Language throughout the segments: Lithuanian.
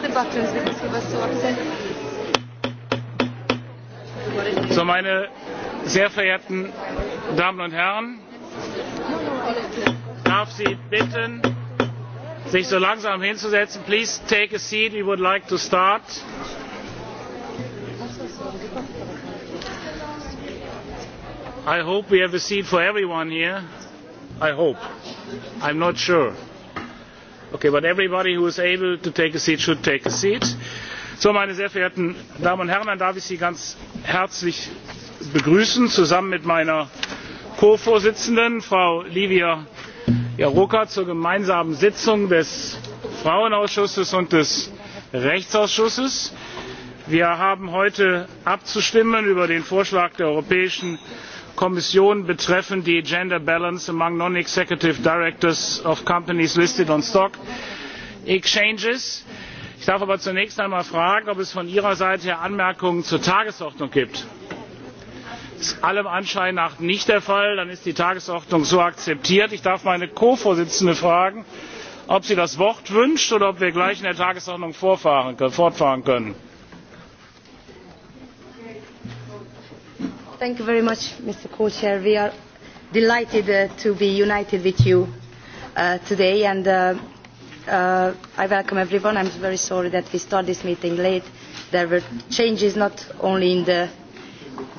all the buttons because he was so upset. So, meine sehr verehrten Damen und Herren, darf Sie bitten, sich so langsam hinzusetzen. Please take a seat. We would like to start. I hope we have a seat for everyone here. I hope. I'm not sure. Okay, but everybody who is able to take a seat should take a seat. So, meine sehr verehrten Damen und Herren, dann darf ich Sie ganz herzlich begrüßen, zusammen mit meiner Co-Vorsitzenden, Frau Livia Jaroka, zur gemeinsamen Sitzung des Frauenausschusses und des Rechtsausschusses. Wir haben heute abzustimmen über den Vorschlag der Europäischen kommission betreffen die gender balance among non executive directors of companies listed on stock exchanges. ich darf aber zunächst einmal fragen ob es von ihrer seite her anmerkungen zur tagesordnung gibt. das ist allem anschein nach nicht der fall. dann ist die tagesordnung so akzeptiert. ich darf meine ko vorsitzende fragen ob sie das wort wünscht oder ob wir gleich in der tagesordnung fortfahren können. Thank you very much, Mr. Co-Chair. We are delighted uh, to be united with you uh, today, and uh, uh, I welcome everyone. I'm very sorry that we start this meeting late. There were changes not only in the,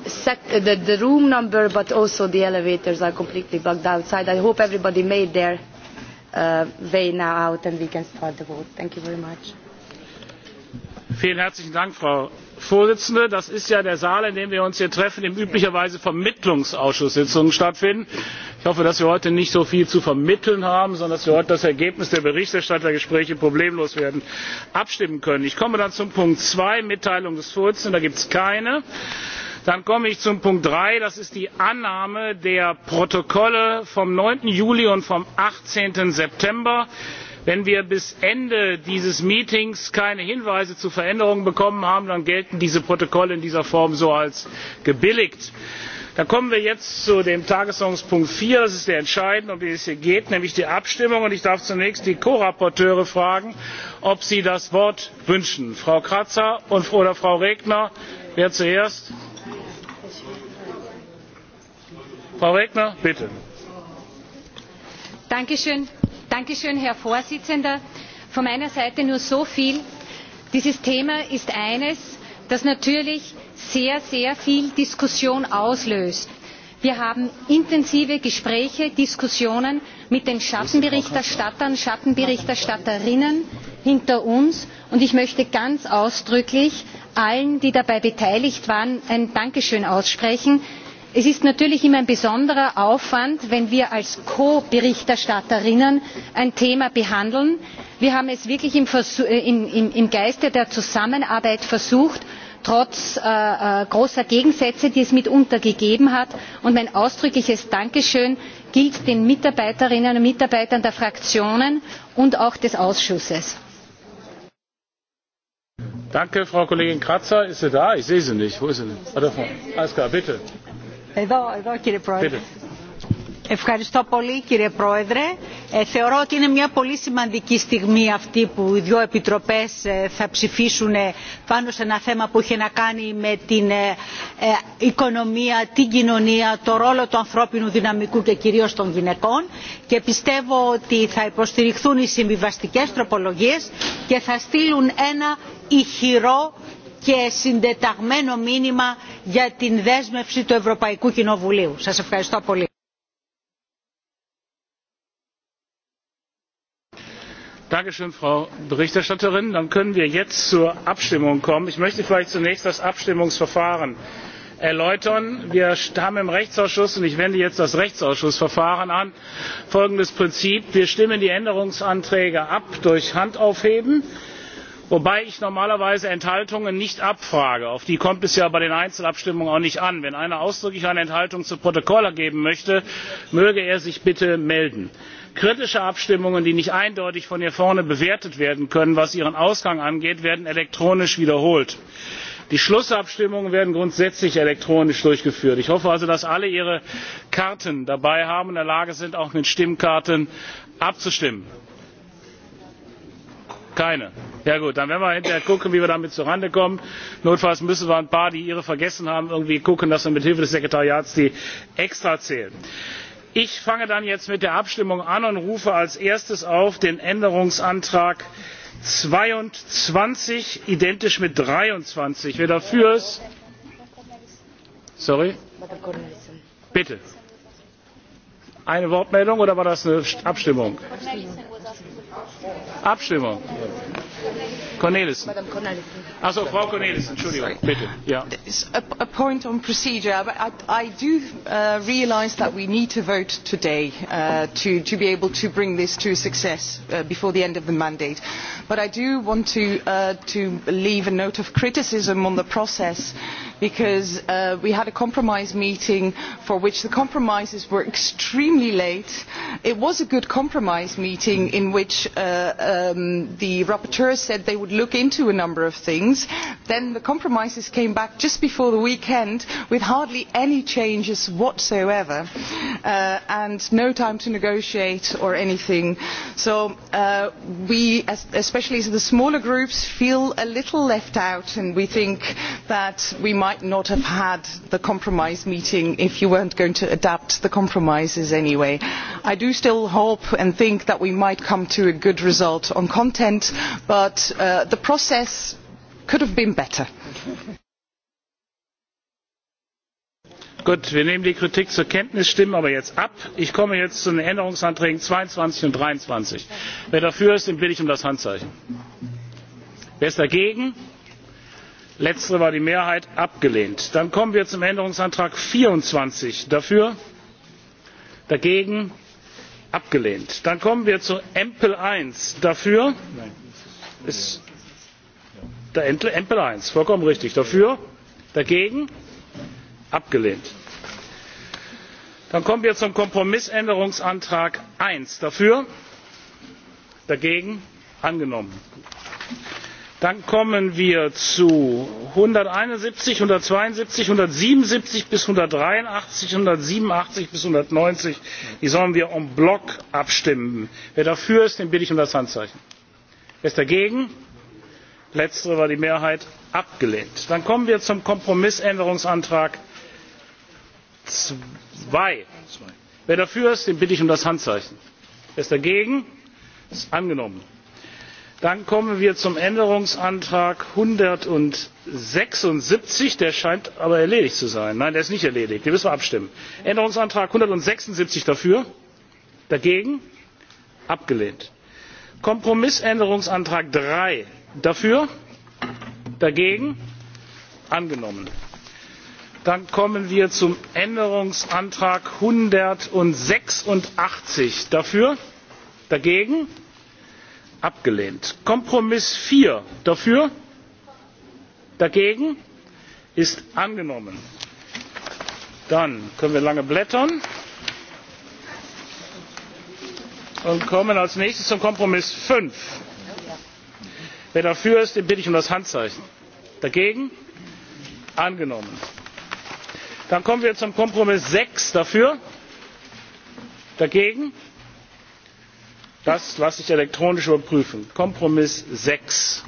set, uh, the, the room number, but also the elevators are completely bugged outside. I hope everybody made their uh, way now out, and we can start the vote. Thank you very much. Vielen herzlichen Dank, Frau vorsitzende das ist ja der saal in dem wir uns hier treffen in dem üblicherweise vermittlungsausschusssitzungen stattfinden. ich hoffe dass wir heute nicht so viel zu vermitteln haben sondern dass wir heute über das ergebnis der berichterstattergespräche problemlos werden abstimmen können. ich komme dann zu punkt zwei mitteilung des vorsitzenden da gibt es keine. dann komme ich zu punkt drei das ist die annahme der protokolle vom. neun juli und vom. achtzehn september wenn wir bis ende dieses meetings keine hinweise zu veränderungen bekommen haben dann gelten diese protokolle in dieser form so als gebilligt. dann kommen wir jetzt zu tagesordnungspunkt vier das ist der entscheidende um den es hier geht nämlich der abstimmung. ich darf zunächst die ko rapporteure fragen ob sie das wort wünschen. frau kratsa oder frau regner? wer zuerst? frau regner bitte. danke schön Dankeschön, Herr Vorsitzender. Von meiner Seite nur so viel. Dieses Thema ist eines, das natürlich sehr, sehr viel Diskussion auslöst. Wir haben intensive Gespräche, Diskussionen mit den Schattenberichterstattern, Schattenberichterstatterinnen hinter uns. Und ich möchte ganz ausdrücklich allen, die dabei beteiligt waren, ein Dankeschön aussprechen es ist natürlich immer ein besonderer aufwand wenn wir als ko berichterstatterinnen ein thema behandeln. wir haben es wirklich im äh, geiste der zusammenarbeit versucht trotz äh, äh, großer gegensätze die es mitunter gegeben hat und mein ausdrückliches dankeschön gilt den mitarbeiterinnen und mitarbeitern der fraktionen und auch des ausschusses. danke frau kollegin kratsa! ist sie da? ich sehe sie nicht. wo ist sie denn? Ah, Εδώ, εδώ κύριε Πρόεδρε. Ευχαριστώ πολύ κύριε Πρόεδρε. Ε, θεωρώ ότι είναι μια πολύ σημαντική στιγμή αυτή που οι δύο επιτροπές ε, θα ψηφίσουν πάνω σε ένα θέμα που είχε να κάνει με την ε, ε, οικονομία, την κοινωνία, το ρόλο του ανθρώπινου δυναμικού και κυρίως των γυναικών και πιστεύω ότι θα υποστηριχθούν οι συμβιβαστικές τροπολογίες και θα στείλουν ένα ηχηρό και συντεταγμένο μήνυμα για την δέσμευση του Ευρωπαϊκού Κοινοβουλίου. Σας ευχαριστώ πολύ. Dankeschön, Frau Berichterstatterin. Dann können wir jetzt zur Abstimmung kommen. Ich möchte vielleicht zunächst das Abstimmungsverfahren erläutern. Wir haben im Rechtsausschuss, und ich wende jetzt das Rechtsausschussverfahren an, folgendes Prinzip. Wir stimmen die Änderungsanträge ab durch Handaufheben wobei ich normalerweise enthaltungen nicht abfrage auf die kommt es ja bei den einzelabstimmungen auch nicht an. wenn einer ausdrücklich eine enthaltung zu protokoll geben möchte möge er sich bitte melden. kritische abstimmungen die nicht eindeutig von hier vorne bewertet werden können was ihren ausgang angeht werden elektronisch wiederholt. die schlussabstimmungen werden grundsätzlich elektronisch durchgeführt. ich hoffe also dass alle ihre karten dabei haben und in der lage sind auch mit stimmkarten abzustimmen keine? ja gut dann werden wir hinterher gucken wie wir damit zurande kommen. notfalls müssen wir ein paar die ihre vergessen haben irgendwie gucken dass wir mit hilfe des sekretariats die extrazählen. ich fange dann jetzt mit der abstimmung an und rufe als erstes den änderungsantrag zweiundzwanzig identisch mit dreiundzwanzig auf. wer dafür ist? sorry? bitte. eine wortmeldung oder war das eine abstimmung? abstimmung. Cornelissen. Also, ah, Frau Cornelissen, Entschuldigung, bitte. Yeah. A, a point on procedure. I, I do uh, realise that we need to vote today uh, to, to be able to bring this to success uh, before the end of the mandate. But I do want to, uh, to leave a note of criticism on the process because uh, we had a compromise meeting for which the compromises were extremely late. It was a good compromise meeting in which uh, um, the rapporteurs said they would would look into a number of things then the compromises came back just before the weekend with hardly any changes whatsoever uh, and no time to negotiate or anything so uh, we especially the smaller groups feel a little left out and we think that we might not have had the compromise meeting if you were not going to adapt the compromises anyway. i do still hope and think that we might come to a good result on content but uh, uh, the process could have been better. gut wir nehmen die kritik zur kenntnis stimmen aber jetzt ab. ich komme jetzt zu den änderungsanträgen zweiundzwanzig und. dreiundzwanzig wer dafür ist den bitte ich um das handzeichen. wer ist dagegen? letztere war die mehrheit abgelehnt. dann kommen wir zum änderungsantrag vierundzwanzig dafür dagegen abgelehnt. dann kommen wir zu empl eins dafür ist der empl eins vollkommen richtig dafür dagegen abgelehnt. dann kommen wir zum kompromissänderungsantrag eins dafür dagegen angenommen. dann kommen wir zu einhunderteinundsiebzig einhundertzweiundsiebzig einhundertsiebenundsiebzig bis einhundertdreiundachtzig einhundertsiebenundachtzig bis einhundertneunzig die sollen wir en bloc abstimmen. wer dafür ist den bitte ich um das handzeichen. wer ist dagegen? letztere war die mehrheit abgelehnt. dann kommen wir zum kompromissänderungsantrag. zwei wer dafür ist den bitte ich um das handzeichen. wer ist dagegen? das ist angenommen. dann kommen wir zum änderungsantrag einhundertsechsundsiebzig der scheint aber erledigt zu sein. nein der ist nicht erledigt. hier müssen wir abstimmen. änderungsantrag einhundertsechsundsiebzig dafür? dagegen? abgelehnt. kompromissänderungsantrag dafür dagegen angenommen. dann kommen wir zum änderungsantrag einhundertsechsundachtzig dafür dagegen abgelehnt; kompromiss vier dafür dagegen ist angenommen. dann können wir lange blättern und kommen als nächstes zum kompromiss fünf wer dafür ist den bitte ich um das handzeichen. dagegen? angenommen. dann kommen wir zum kompromiss sechs dafür? dagegen? das lasse ich elektronisch überprüfen. kompromiss sechs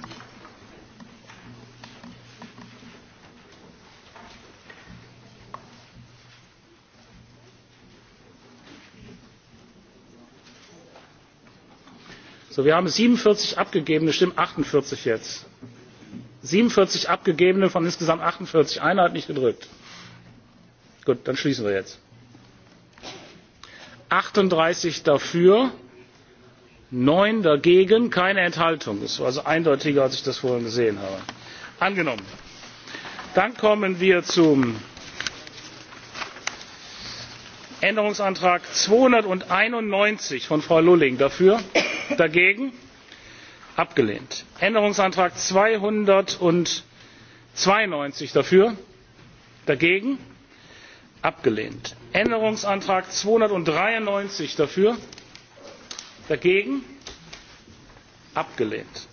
So, wir haben siebenundvierzig abgegebene stimmen achtundvierzig jetzt siebenundvierzig abgegebene von insgesamt achtundvierzig eine hat nicht gedrückt. gut dann schließen wir jetzt. achtunddreißig dafür neun dagegen keine enthaltung. das war also eindeutiger als ich das vorhin gesehen habe. angenommen. dann kommen wir zum änderungsantrag zweihunderteinundneunzig von frau lulling dafür dagegen abgelehnt; änderungsantrag zweihundertzweiundneunzig dafür dagegen abgelehnt; änderungsantrag zweihundertdreiundneunzig dafür dagegen abgelehnt;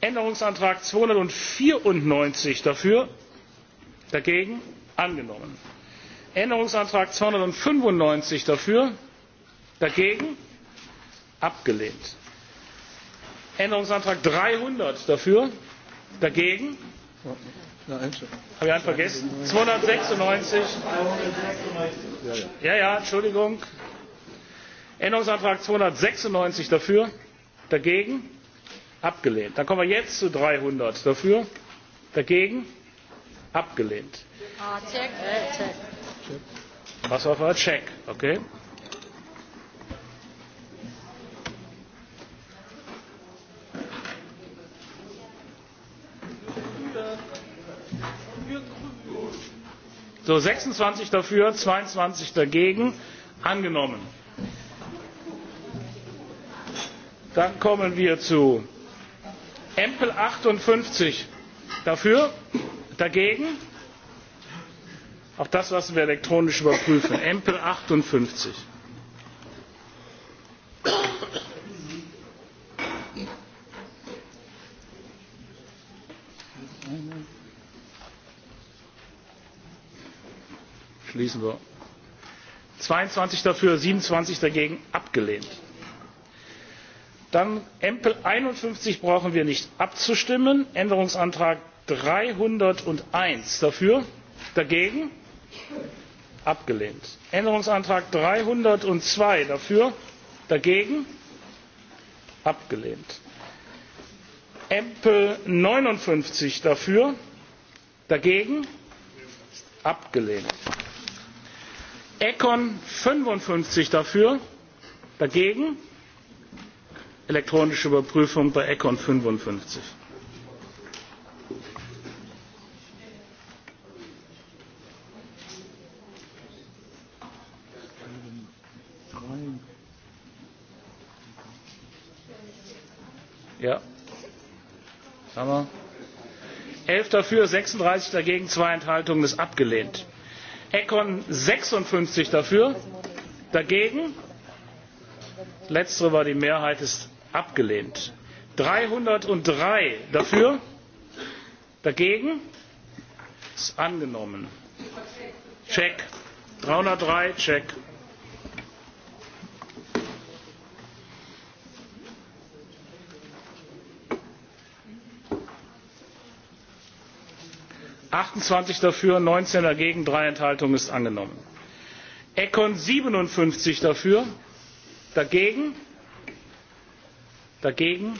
änderungsantrag zweihundertvierundneunzig dafür dagegen angenommen; änderungsantrag zweihundertfünfundneunzig dafür dagegen abgelehnt; änderungsantrag dreihundert dafür dagegen habe ich einen vergessen? zweihundertsechsundneunzig ja ja entschuldigung änderungsantrag zweihundertsechsundneunzig dafür dagegen abgelehnt. dann kommen wir jetzt zu dreihundert dafür dagegen abgelehnt. Ah, äh, was war vorher check okay? so sechsundzwanzig dafür zweiundzwanzig dagegen angenommen. dann kommen wir zu empl achtundfünfzig dafür dagegen auch das lassen wir elektronisch überprüfen empl achtundfünfzig. beschließen wir. zweiundzwanzig dafür siebenundzwanzig dagegen abgelehnt. dann änderungsantrag einundfünfzig brauchen wir nicht abzustimmen. änderungsantrag dreihunderteins dafür dagegen abgelehnt; änderungsantrag dreihundertzwei dafür dagegen abgelehnt; empl. neunundfünfzig dafür dagegen abgelehnt; econ fünfundfünfzig dafür dagegen elektronische überprüfung bei econ fünfundfünfzig ja elf dafür sechsunddreißig dagegen zwei enthaltungen ist abgelehnt econ sechsundfünfzig dafür dagegen letztere war die mehrheit ist abgelehnt; dreihundertdrei dafür dagegen ist angenommen; check dreihundertdrei check. achtundzwanzig dafür neunzehn dagegen drei enthaltungen ist angenommen. econ siebenundfünfzig dafür dagegen dagegen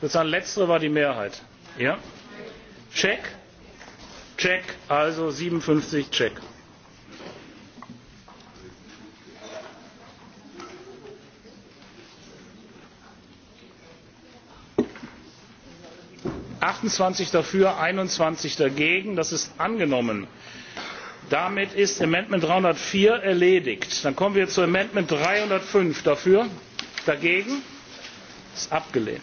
das letztere war die mehrheit ja? check check also siebenundfünfzig check. achtundzwanzig dafür einundzwanzig dagegen. das ist angenommen. damit ist änderungsantrag dreihundertvier erledigt. dann kommen wir zu änderungsantrag dreihundertfünf dafür dagegen ist abgelehnt.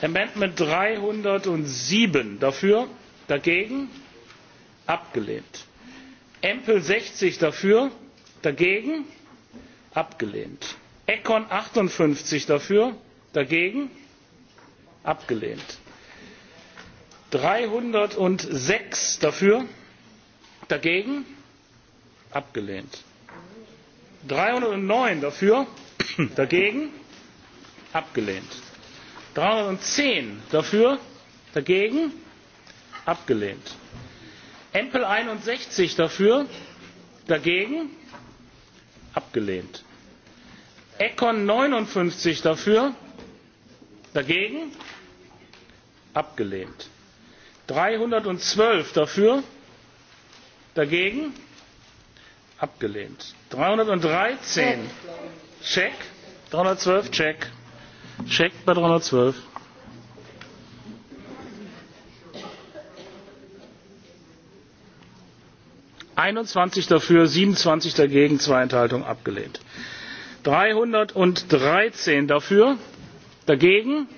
änderungsantrag dreihundertsieben dafür dagegen abgelehnt. empl sechzig dafür dagegen abgelehnt. econ achtundfünfzig dafür dagegen abgelehnt dreihundertsechs dafür dagegen abgelehnt; dreihundertneun dafür dagegen abgelehnt; dreihundertzehn dafür dagegen abgelehnt; empl. einundsechzig dafür dagegen abgelehnt; econ neunundfünfzig dafür dagegen abgelehnt; dreihundertzwölf dafür dagegen abgelehnt; dreihundertdreizehn check dreihundertzwölf check check bei dreihundertzwölf einundzwanzig dafür siebenundzwanzig dagegen zwei enthaltungen abgelehnt; dreihundertdreizehn dafür dagegen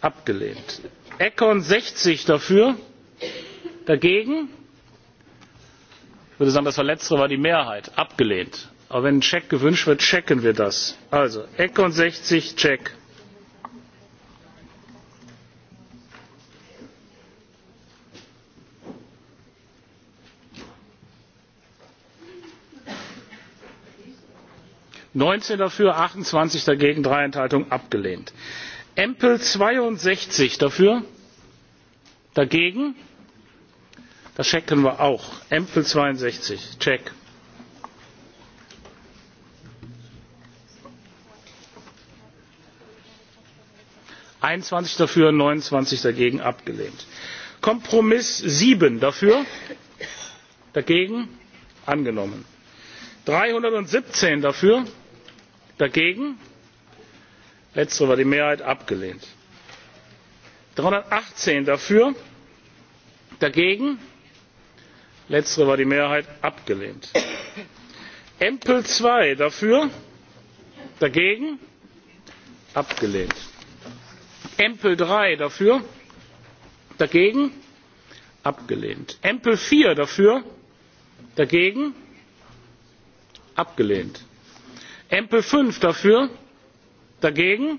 abgelehnt; econ sechzig dafür dagegen ich würde sagen das letztere war die mehrheit abgelehnt. aber wenn ein check gewünscht wird checken wir das. also econ sechzig check. neunzehn dafür achtundzwanzig dagegen drei enthaltungen abgelehnt empl zweiundsechzig dafür dagegen das checken wir auch empl zweiundsechzig check einundzwanzig dafür neunundzwanzig dagegen abgelehnt; kompromiss sieben dafür dagegen angenommen; dreihundertsiebzehn dafür dagegen letztere war die mehrheit abgelehnt; dreihundertachtzehn dafür dagegen letztere war die mehrheit abgelehnt; empl. zwei dafür dagegen abgelehnt; empl. drei dafür dagegen abgelehnt; empl. vier dafür dagegen abgelehnt; empl. fünf dafür dagegen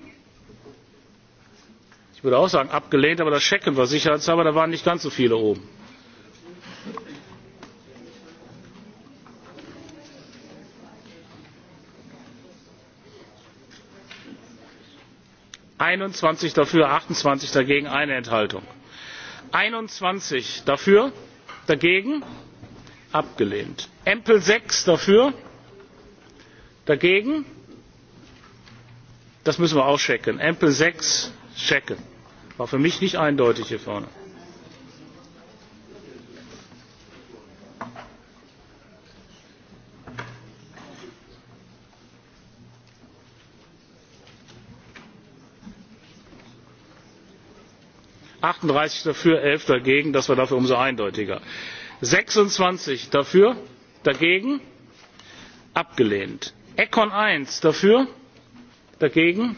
ich würde auch sagen abgelehnt aber das checken wir sicherheitshalber da waren nicht ganz so viele oben. einundzwanzig dafür achtundzwanzig dagegen eine enthaltung. einundzwanzig dafür dagegen abgelehnt; empl sechs dafür dagegen das müssen wir auch checken. empl sechs checken. war für mich nicht eindeutig hier vorne. achtunddreißig dafür elf dagegen das war dafür umso eindeutiger. sechsundzwanzig dafür dagegen abgelehnt. econ eins dafür dagegen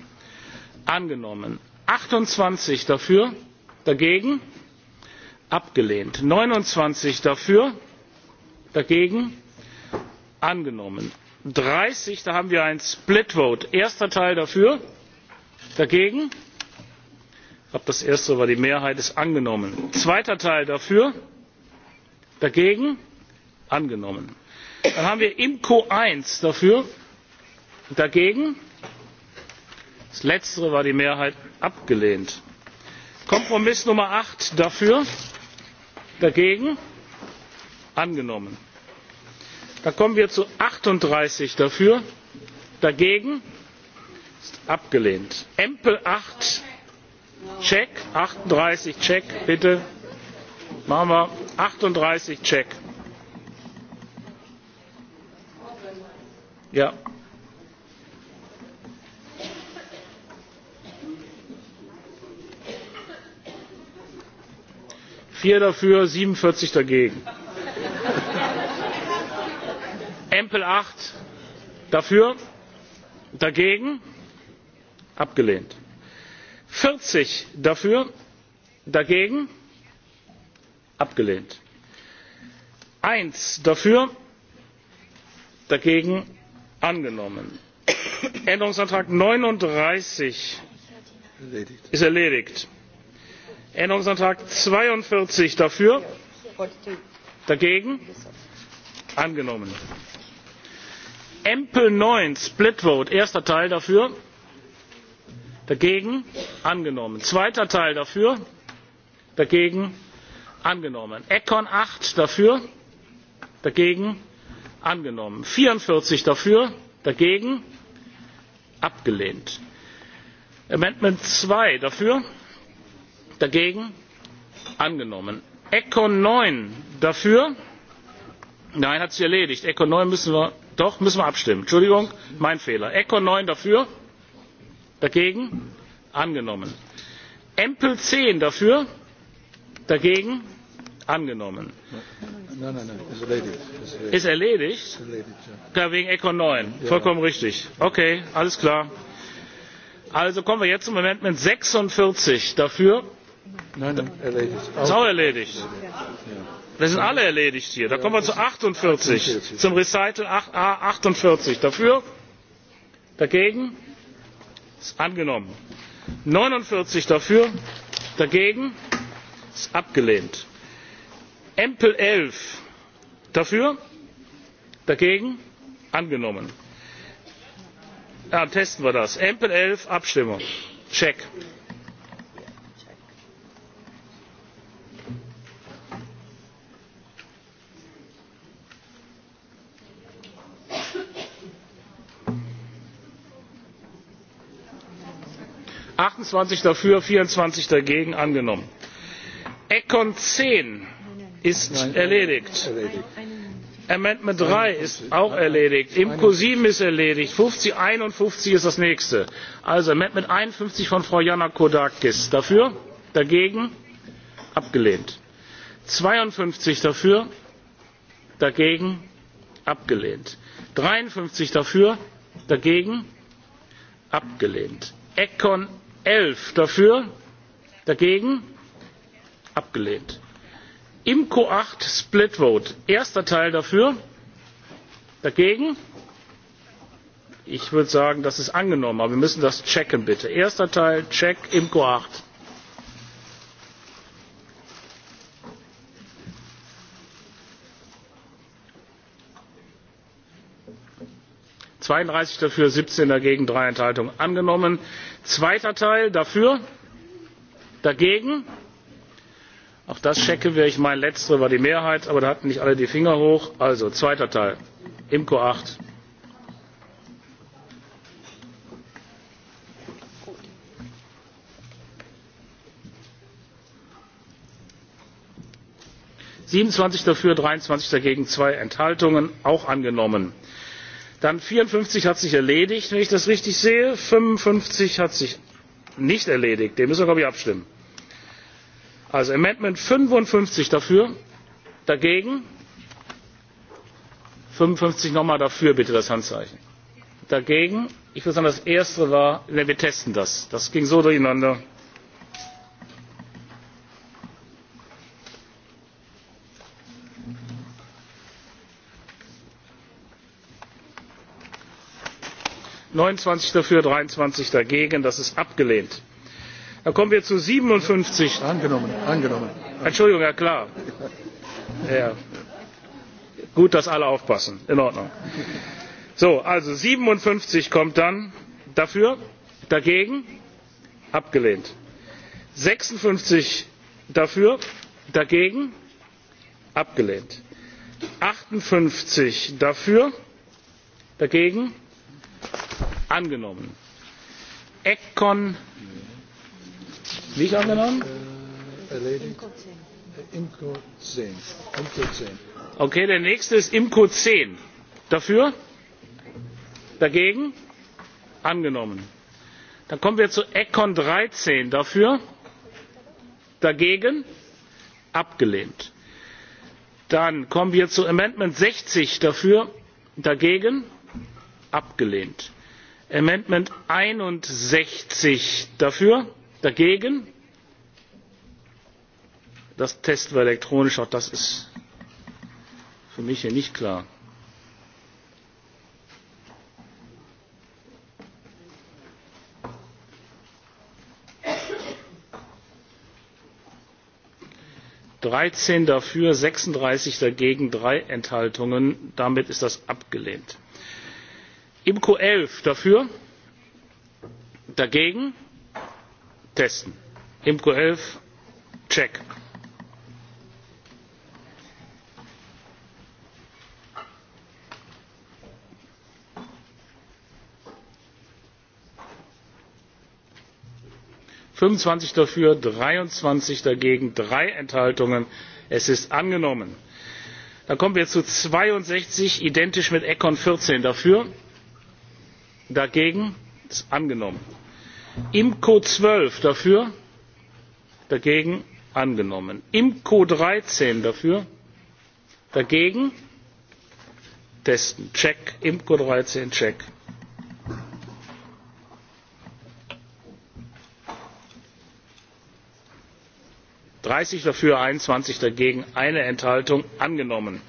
angenommen; achtundzwanzig dafür dagegen abgelehnt; neunundzwanzig dafür dagegen angenommen; dreißig da haben wir ein split vote erster teil dafür dagegen ich glaube das erste war die mehrheit ist angenommen; zweiter teil dafür dagegen angenommen. dann haben wir imco eins dafür dagegen das letztere war die mehrheit abgelehnt. kompromiss nummer acht dafür dagegen angenommen. dann kommen wir zu achtunddreißig dafür dagegen abgelehnt. empl acht check achtunddreißig check bitte machen wir achtunddreißig check. ja vier dafür siebenundvierzig dagegen; empl. acht dafür dagegen abgelehnt; vierzig dafür dagegen abgelehnt; eins dafür dagegen angenommen; änderungsantrag neununddreißig ist erledigt; änderungsantrag zweiundvierzig dafür dagegen angenommen; empl. neun split vote erster teil dafür dagegen angenommen; zweiter teil dafür dagegen angenommen; econ acht dafür dagegen angenommen; vierundvierzig dafür dagegen abgelehnt; amendment zwei dafür dagegen angenommen; econ neun dafür nein hat sich erledigt econ neun müssen wir doch müssen wir abstimmen entschuldigung mein fehler econ neun dafür dagegen angenommen; empl zehn dafür dagegen angenommen; ist erledigt wegen econ neun vollkommen richtig okay alles klar. also kommen wir jetzt zu änderungsantrag sechsundvierzig dafür Nein, dann erledigt. Ist auch erledigt. Das sind alle erledigt hier. Da kommen wir zu 48, zum Recital 8a 48. Dafür? Dagegen? Ist angenommen. 49 dafür, dagegen? Ist abgelehnt. Empel 11 dafür, dagegen? Angenommen. Ja, testen wir das. Empel 11, Abstimmung. Check. achtundzwanzig dafür vierundzwanzig dagegen angenommen. econ zehn ist erledigt änderungsantrag drei ist auch erledigt imco sieben ist erledigt einundfünfzig ist das nächste also änderungsantrag einundfünfzig von frau giannakodakis dafür dagegen abgelehnt; zweiundfünfzig dafür dagegen abgelehnt; dreiundfünfzig dafür dagegen abgelehnt; econ elf dafür dagegen abgelehnt. imco acht split vote erster teil dafür dagegen ich würde sagen das ist angenommen aber wir müssen das checken bitte. erster teil check imco acht. zweiunddreißig dafür siebzehn dagegen drei enthaltungen angenommen; zweiter teil dafür dagegen auch das checke wir ich meine letztere war die mehrheit aber da hatten nicht alle die finger hoch also zweiter teil imco acht siebenundzwanzig dafür dreiundzwanzig dagegen zwei enthaltungen auch angenommen; dann vierundfünfzig hat sich erledigt wenn ich das richtig sehe fünfundfünfzig hat sich nicht erledigt dem müssen wir glaube ich abstimmen. also änderungsantrag fünfundfünfzig dafür dagegen fünfundfünfzig nochmal dafür bitte das handzeichen dagegen ich würde sagen das erste war wir testen das das ging so durcheinander. neunundzwanzig dafür dreiundzwanzig dagegen. das ist abgelehnt. dann kommen wir zu siebenundfünfzig angenommen, angenommen. entschuldigung herr klar ja. gut dass alle aufpassen in ordnung. So, also siebenundfünfzig kommt dann dafür dagegen abgelehnt sechsundfünfzig dafür dagegen abgelehnt achtundfünfzig dafür dagegen angenommen. Econ nicht angenommen? Äh, erledigt. Imco 10. Imco 10. Okay, der nächste ist Imco 10. Dafür? Dagegen? Angenommen. Dann kommen wir zu Econ 13. Dafür? Dagegen? Abgelehnt. Dann kommen wir zu Amendment 60. Dafür? Dagegen? Abgelehnt amendment einundsechzig dafür dagegen das testen wir elektronisch auch das ist für mich hier nicht klar. dreizehn dafür sechsunddreißig dagegen drei enthaltungen. damit ist das abgelehnt imco elf dafür dagegen testen imco elf check fünfundzwanzig dafür dreiundzwanzig dagegen drei enthaltungen. es ist angenommen. dann kommen wir zu zweiundsechzig identisch mit econ vierzehn dafür dagegen ist angenommen; imco zwölf dafür dagegen angenommen; imco dreizehn dafür dagegen testen check imco dreizehn check; dreißig dafür einundzwanzig dagegen eine enthaltung angenommen.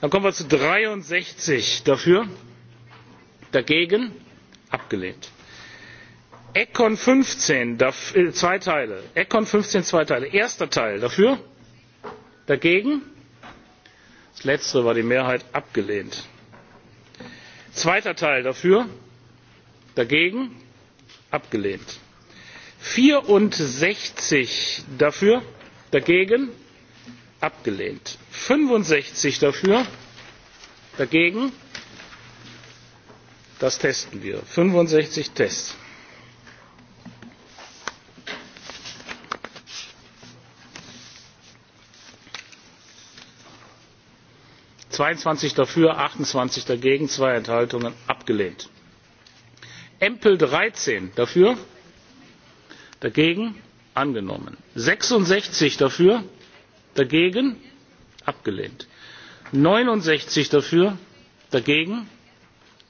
dann kommen wir zu dreiundsechzig dafür dagegen abgelehnt; äh, econ fünfzehn zwei teile erster teil dafür dagegen das letztere war die mehrheit abgelehnt; zweiter teil dafür dagegen abgelehnt; vierundsechzig dafür dagegen abgelehnt; fünfundsechzig dafür dagegen das testen wir fünfundsechzig tests. zweiundzwanzig dafür achtundzwanzig dagegen zwei enthaltungen abgelehnt. empl dreizehn dafür dagegen angenommen; sechsundsechzig dafür dagegen abgelehnt; neunundsechzig dafür dagegen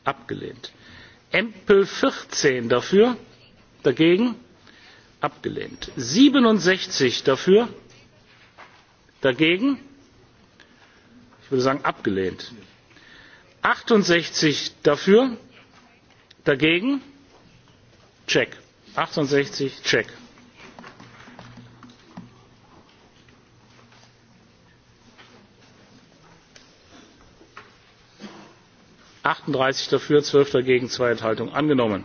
abgelehnt; empl. vierzehn dafür dagegen abgelehnt; siebenundsechzig dafür dagegen ich würde sagen abgelehnt; achtundsechzig dafür dagegen check; achtundsechzig check. achtunddreißig dafür zwölf dagegen zwei enthaltungen angenommen;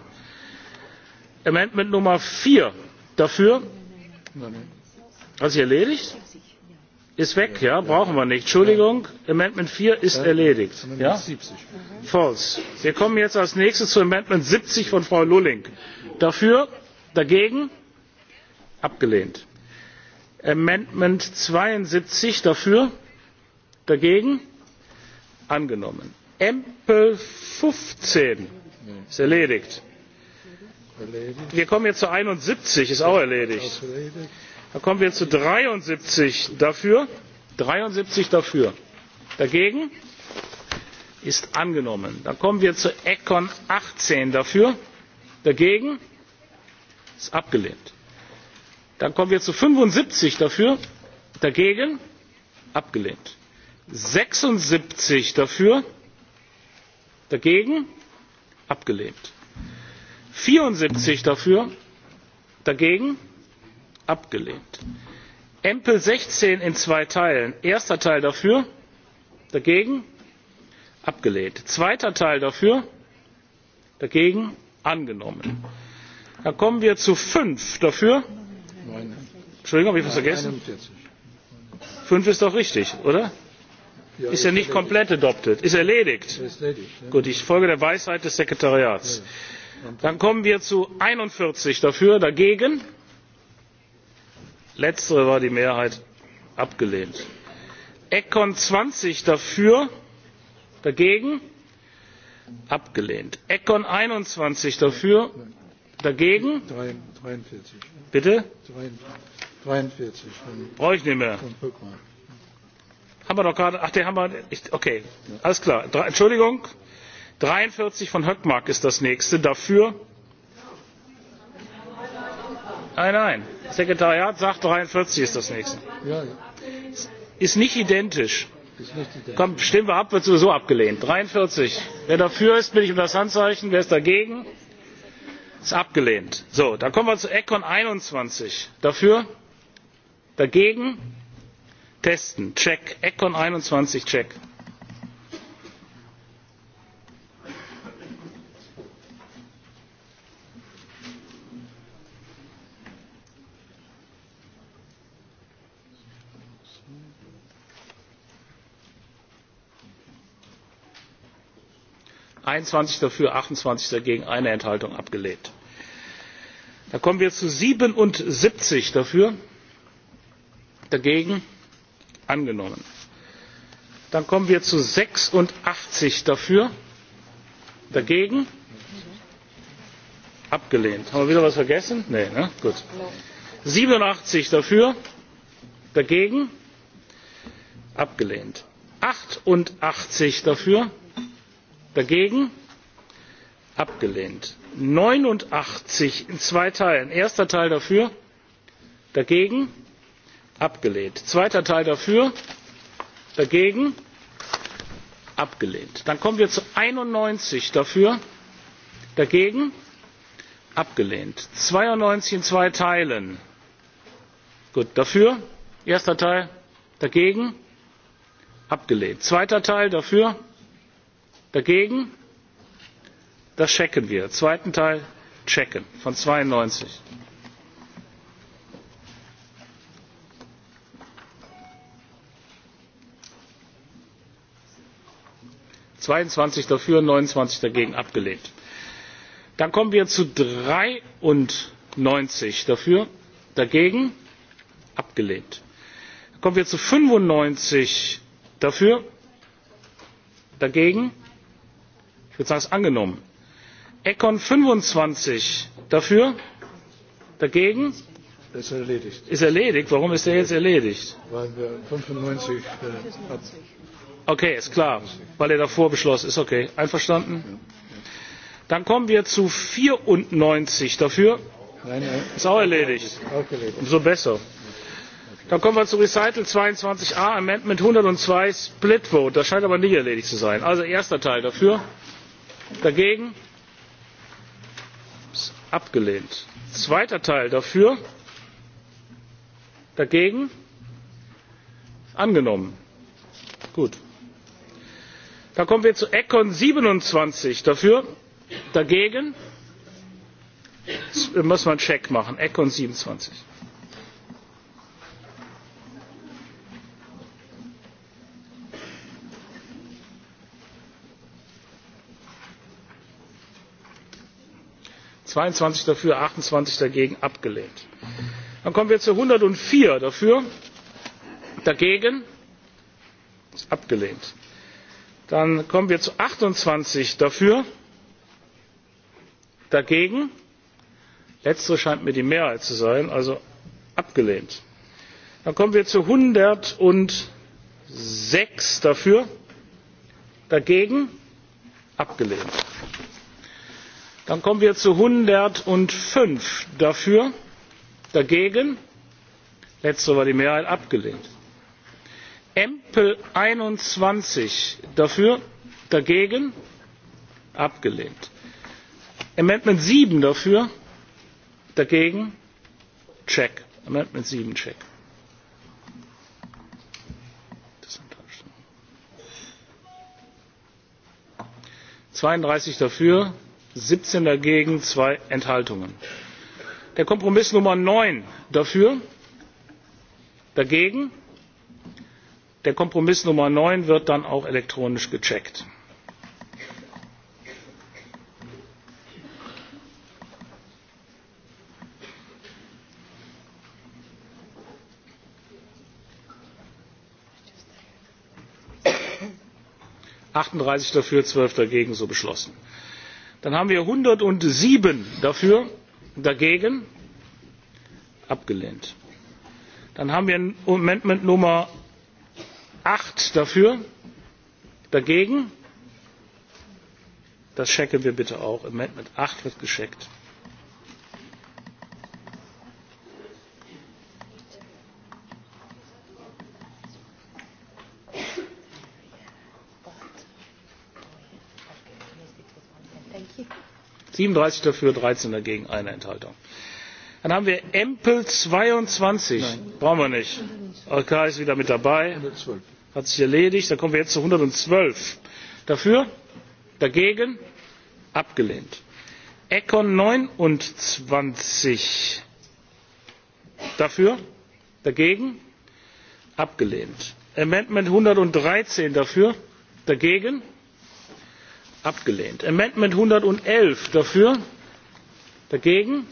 änderungsantrag vier dafür hat sich erledigt? ist weg ja brauchen wir nicht entschuldigung änderungsantrag vier ist erledigt false. wir kommen jetzt als nächstes zu änderungsantrag siebzig von frau lulling dafür dagegen abgelehnt; änderungsantrag zweiundsiebzig dafür dagegen angenommen; empl fünfzehn ist erledigt. wir kommen jetzt zu einundsiebzig ist auch erledigt. dann kommen wir zu dreiundsiebzig dafür dreiundsiebzig dafür dagegen ist angenommen. dann kommen wir zu econ achtzehn dafür dagegen ist abgelehnt. dann kommen wir zu fünfundsiebzig dafür dagegen abgelehnt; sechsundsiebzig dafür dagegen abgelehnt; vierundsiebzig dafür dagegen abgelehnt; empl. sechzehn in zwei teilen erster teil dafür dagegen abgelehnt; zweiter teil dafür dagegen angenommen. dann kommen wir zu fünf dafür entschuldigung habe ich etwas vergessen? fünf ist doch richtig oder? ist er nicht komplett adopted? ist er erledigt? Er gut ich folge der weisheit des sekretariats. dann kommen wir zu einundvierzig dafür dagegen letztere war die mehrheit abgelehnt; econ zwanzig dafür dagegen abgelehnt; econ einundzwanzig dafür dagegen bitte brauche ich nicht mehr; haben wir doch gerade ach den haben wir okay alles klar entschuldigung dreiundvierzig von hökmark ist das nächste dafür nein nein das sekretariat sagt dreiundvierzig ist das nächste ist nicht identisch komm stimmen wir ab wird sowieso abgelehnt dreiundvierzig wer dafür ist bitte ich um das handzeichen wer ist dagegen ist abgelehnt so dann kommen wir zu econ einundzwanzig dafür dagegen testen check econ einundzwanzig check. einundzwanzig dafür achtundzwanzig dagegen eine enthaltung abgelehnt. dann kommen wir zu siebenundsiebzig dafür dagegen angenommen. dann kommen wir zu sechsundachtzig dafür dagegen abgelehnt. haben wir wieder etwas vergessen? nein. Ne? gut. siebenundachtzig dafür dagegen abgelehnt. achtundachtzig dafür dagegen abgelehnt. neunundachtzig in zwei teilen erster teil dafür dagegen abgelehnt; zweiter teil dafür dagegen abgelehnt. dann kommen wir zu einundneunzig dafür dagegen abgelehnt; zweiundneunzig in zwei teilen Gut, dafür erster teil dagegen abgelehnt; zweiter teil dafür dagegen das checken wir zweiten teil checken von zweiundneunzig. zweiundzwanzig dafür neunundzwanzig dagegen abgelehnt. dann kommen wir zu dreiundneunzig dafür dagegen abgelehnt. dann kommen wir zu fünfundneunzig dafür dagegen ich würde sagen es ist angenommen. econ fünfundzwanzig dafür dagegen ist erledigt. ist erledigt? warum ist er jetzt erledigt? weil wir fünfundneunzig äh, okay ist klar weil er davor beschlossen ist okay einverstanden. dann kommen wir zu vierundneunzig dafür ist auch erledigt umso besser. dann kommen wir zu erwägung zweiundzwanzig a änderungsantrag einhundertzwei split vote das scheint aber nicht erledigt zu sein. also erster teil dafür dagegen ist abgelehnt. zweiter teil dafür dagegen angenommen. gut da kommen wir zu econ siebenundzwanzig dafür dagegen muss man check machen econ siebenundzwanzig zweiundzwanzig dafür achtundzwanzig dagegen abgelehnt. dann kommen wir zu einhundertvier dafür dagegen abgelehnt dann kommen wir zu achtundzwanzig dafür dagegen letztere scheint mir die mehrheit zu sein also abgelehnt. dann kommen wir zu einhundertsechs dafür dagegen abgelehnt. dann kommen wir zu einhundertfünf dafür dagegen letztere war die mehrheit abgelehnt empl einundzwanzig dafür dagegen abgelehnt; amendment sieben dafür dagegen check; amendment sieben check. zweiunddreißig dafür siebzehn dagegen zwei enthaltungen. der kompromiss nummer neun dafür dagegen der kompromiss nummer neun wird dann auch elektronisch gecheckt. achtunddreißig dafür zwölf dagegen so beschlossen. dann haben wir einhundertsieben dafür dagegen abgelehnt. dann haben wir änderungsantrag nummer acht dafür dagegen das checken wir bitte auch amendment acht wird gecheckt. siebenunddreißig dafür dreizehn dagegen eine enthaltung. dann haben wir empl zweiundzwanzig brauchen wir nicht. okay ist wieder mit dabei hat sich erledigt. dann kommen wir jetzt zu einhundertzwölf dafür dagegen abgelehnt. econ neunundzwanzig dafür dagegen abgelehnt; amendment einhundertdreizehn dafür dagegen abgelehnt; amendment einhundertelf dafür dagegen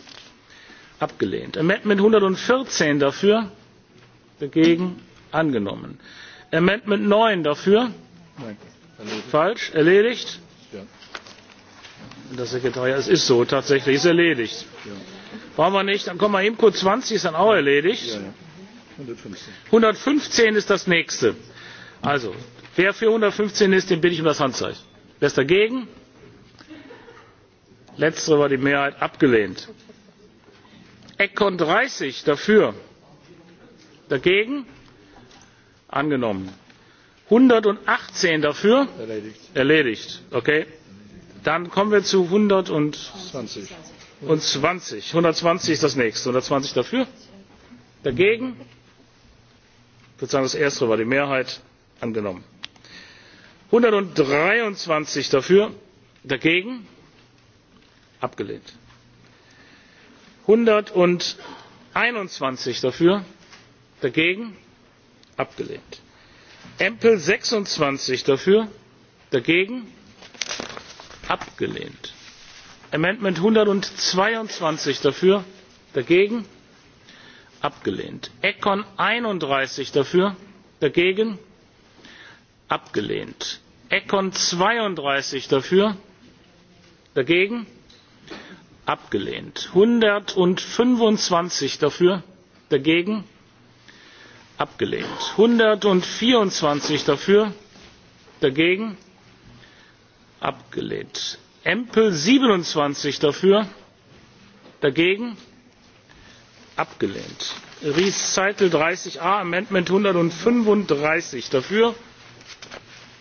abgelehnt; amendment einhundertvierzehn dafür dagegen angenommen; amendment neun dafür falsch erledigt das sekretariat es ist so tatsächlich ist erledigt brauchen wir nicht dann kommen wir imco zwanzig ist dann auch erledigt einhundertfünfzehn ist das nächste also wer für einhundertfünfzehn ist den bitte ich um das handzeichen wer ist dagegen? letztere war die mehrheit abgelehnt. econ dreißig dafür dagegen angenommen; einhundertachtzehn dafür erledigt. okay. dann kommen wir zu einhundertzwanzig einhundertzwanzig ist das nächste einhundertzwanzig dafür dagegen ich würde sagen das erstere war die mehrheit angenommen; einhundertdreiundzwanzig dafür dagegen abgelehnt; einhunderteinundzwanzig dafür dagegen abgelehnt; empl. sechsundzwanzig dafür dagegen abgelehnt; amendment einhundertzweiundzwanzig dafür dagegen abgelehnt; econ einunddreißig dafür dagegen abgelehnt; econ zweiunddreißig dafür dagegen abgelehnt; einhundertfünfundzwanzig dafür dagegen abgelehnt; einhundertvierundzwanzig dafür dagegen abgelehnt; empl. siebenundzwanzig dafür dagegen abgelehnt; recital dreißig a amendment einhundertfünfunddreißig dafür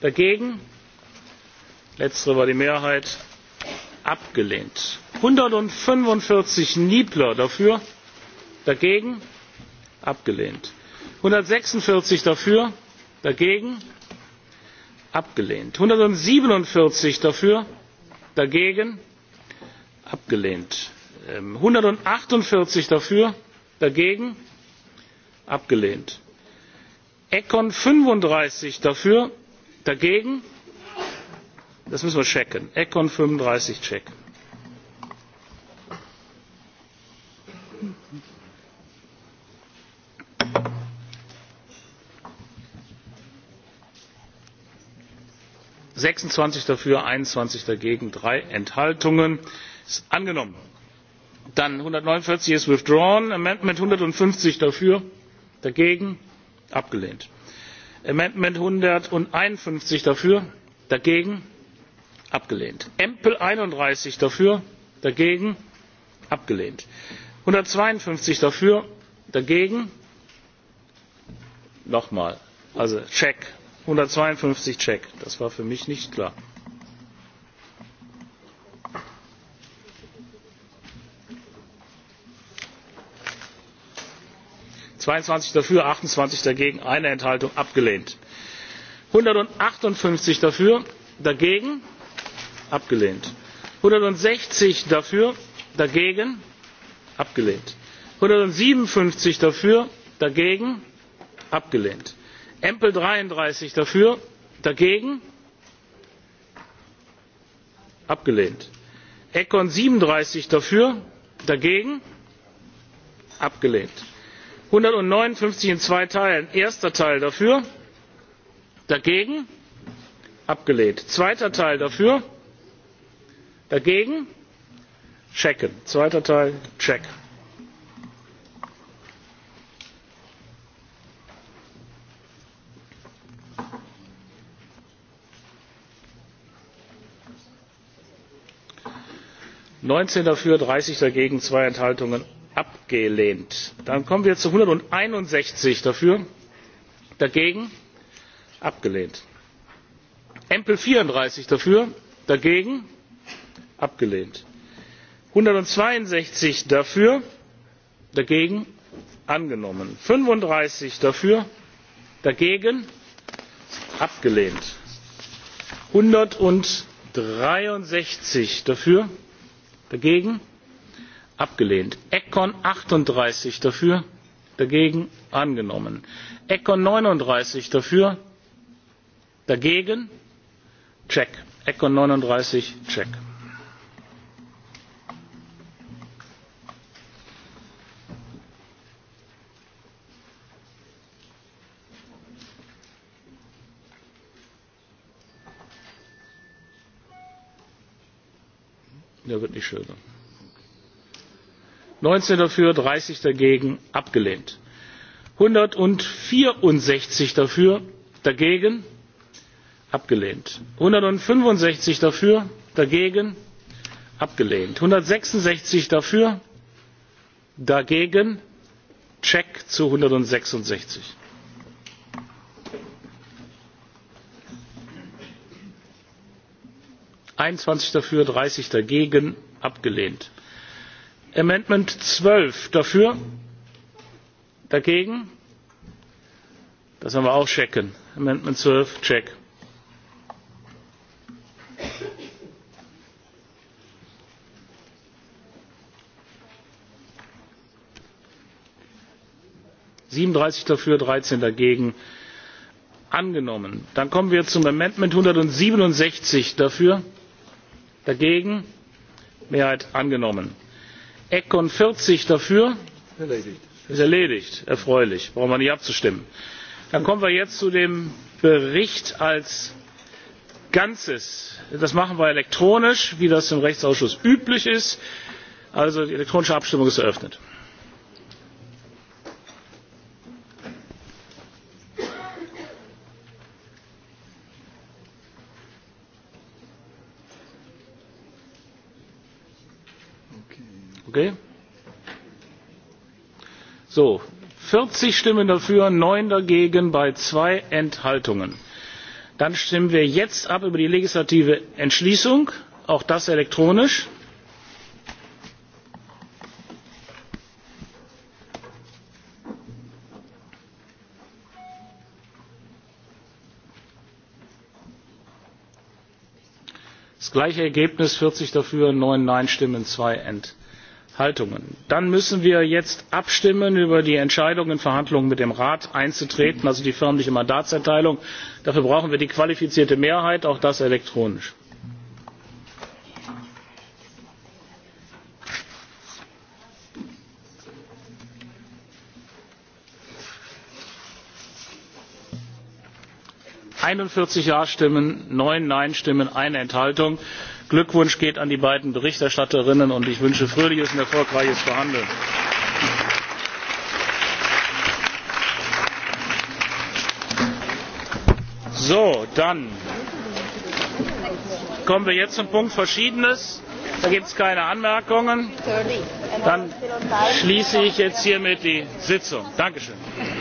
dagegen letztere war die mehrheit abgelehnt; einhundertfünfundvierzig niebler dafür dagegen abgelehnt; einhundertsechsundvierzig dafür dagegen abgelehnt; einhundertsiebenundvierzig dafür dagegen abgelehnt; einhundertachtundvierzig ähm, dafür dagegen abgelehnt; econ fünfunddreißig dafür dagegen das müssen wir checken econ fünfunddreißig check. sechsundzwanzig dafür einundzwanzig dagegen drei enthaltungen. ist angenommen. dann einhundertneunundvierzig ist withdrawn amendment einhundertfünfzig dafür dagegen abgelehnt; amendment einhunderteinundfünfzig dafür dagegen abgelehnt; empl. einunddreißig dafür dagegen abgelehnt; einhundertzweiundfünfzig dafür dagegen nochmal also check; einhundertzweiundfünfzig check das war für mich nicht klar. zweiundzwanzig dafür achtundzwanzig dagegen eine enthaltung abgelehnt; einhundertachtundfünfzig dafür dagegen abgelehnt; einhundertsechzig dafür dagegen abgelehnt; einhundertsiebenundfünfzig dafür dagegen abgelehnt; empl dreiunddreißig dafür dagegen abgelehnt; econ siebenunddreißig dafür dagegen abgelehnt; einhundertneunundfünfzig in zwei teilen erster teil dafür dagegen abgelehnt; zweiter teil dafür dagegen checken; zweiter teil check. neunzehn dafür dreißig dagegen zwei enthaltungen abgelehnt. dann kommen wir zu einhunderteinundsechzig dafür dagegen abgelehnt; empl. vierunddreißig dafür dagegen abgelehnt; einhundertzweiundsechzig dafür dagegen angenommen; fünfunddreißig dafür dagegen abgelehnt; einhundertdreiundsechzig dafür dagegen abgelehnt; econ achtunddreißig dafür dagegen angenommen; econ neununddreißig dafür dagegen check; econ neununddreißig check. der wird nicht schöner. neunzehn dafür dreißig dagegen abgelehnt; einhundertvierundsechzig dafür dagegen abgelehnt; einhundertfünfundsechzig dafür dagegen abgelehnt; einhundertsechsundsechzig dafür dagegen check zu einhundertsechsundsechzig; einundzwanzig dafür dreißig dagegen abgelehnt; änderungsantrag zwölf dafür dagegen das werden wir auch checken; änderungsantrag zwölf check. siebenunddreißig dafür dreizehn dagegen angenommen. dann kommen wir zu änderungsantrag einhundertsiebenundsechzig dafür dagegen mehrheit angenommen; econ vierzig dafür ist erledigt erfreulich brauchen wir nicht abzustimmen. dann kommen wir jetzt zu dem bericht als ganzem. das machen wir elektronisch wie das im rechtsausschuss üblich ist. also die elektronische abstimmung ist eröffnet. so vierzig stimmen dafür neun dagegen bei zwei enthaltungen. dann stimmen wir jetzt ab über die legislative entschließung auch das elektronisch. das gleiche ergebnis vierzig dafür neun nein stimmen zwei haltungen. dann müssen wir jetzt abstimmen über die entscheidung in verhandlungen mit dem rat einzutreten also die förmliche mandatserteilung. dafür brauchen wir die qualifizierte mehrheit auch das elektronisch. einundvierzig ja stimmen neun nein stimmen eine enthaltung glückwunsch geht an die beiden berichterstatterinnen und ich wünsche fröhliches und erfolgreiches verhandeln. So, dann kommen wir jetzt zum punkt verschiedenes. da gibt es keine anmerkungen. dann schließe ich jetzt hiermit die sitzung. danke schön!